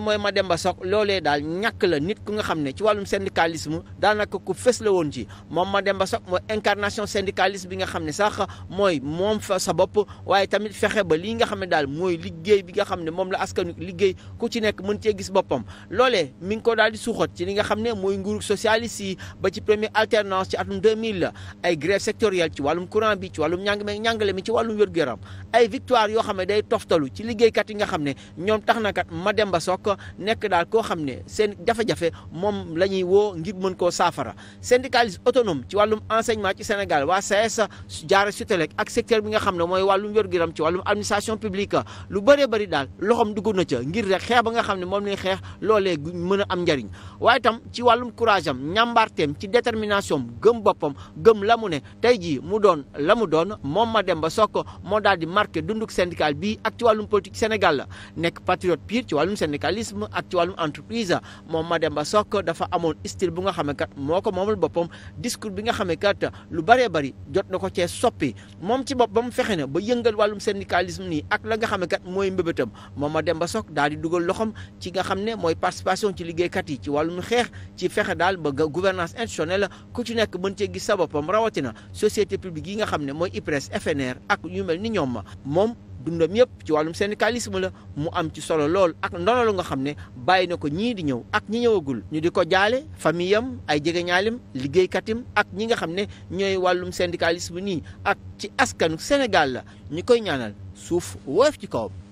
mi mooy ba Sock loolee daal ñàkk la nit ku nga xam ne ci wàllum syndicalisme daanaka ku fës la woon ci moom Mademba Sock mooy incarnation syndicalisme bi nga xam ne sax mooy moom fa sa bopp waaye tamit fexe ba lii nga xam ne daal mooy liggéey bi nga xam ne moom la askanu liggéey ku ci nekk mën cee gis boppam loolee mi ngi ko daal di suuxat ci li nga xam ne mooy nguuru socialiste yi ba ci premier alternance ci atum 2000 la ay grève sectorielle ci wàllum courant bi ci wàllum njàng meeg njàngale mi ci wàllum wér-gu-yaram ay victoire yoo xam ne day toftalu ci liggéeykat yi nga xam ne ñoom tax na kat Mademba Sock ko nekk daal koo xam ne seen jafe moom la ñuy woo ngir mën koo saafara syndicaliste autonome ci wàllum enseignement ci Sénégal waa SAES jaare SUTELEC ak secteur bi nga xam ne mooy wàllum yor-giram ci wàllum administration publique lu bëree bëri daal loxoom dugg na ca ngir rek xeex ba nga xam ne moom lay xeex loolee mën a am njariñ waaye tam ci wàllum courage am ñàmbaarteem ci détermination gëm boppam gëm la mu ne tey jii mu doon la mu doon moom ma dem Mademba Sock moo daal di marqué dunduk syndical bi ak ci wàllum politique nekk patriote pire ci wàllum syndical journalisme ak ci wàllum entreprise moom ba Sock dafa amoon style bu nga xam kat moo ko moomal boppam discours bi nga xam ne kat lu bëree bëri jot na ko cee soppi moom ci boppam fexe ne ba yëngal wàllum syndicalisme nii ak la nga xam ne kat mooy mbébétam moom Mademba Sock daal di dugal loxoom ci nga xam ne mooy participation ci liggéeykat yi ci wàllum xeex ci fexe daal ba gouvernance institutionnelle ku ci nekk mën cee gis sa boppam rawatina société publique yi nga xam ne mooy IPRES FNR ak ñu mel ni ñoom moom dundam yëpp ci wàllum syndicalisme la mu am ci solo lool ak ndono lu nga xam ne bàyyi na ko ñii di ñëw ak ñi ñëwagul ñu di ko jaale famille am ay jegeñaalim liggéeykatim ak ñi nga xam ne ñooy wàllum syndicalisme nii ak ci askanu Sénégal la ñu koy ñaanal suuf woyof ci kawam.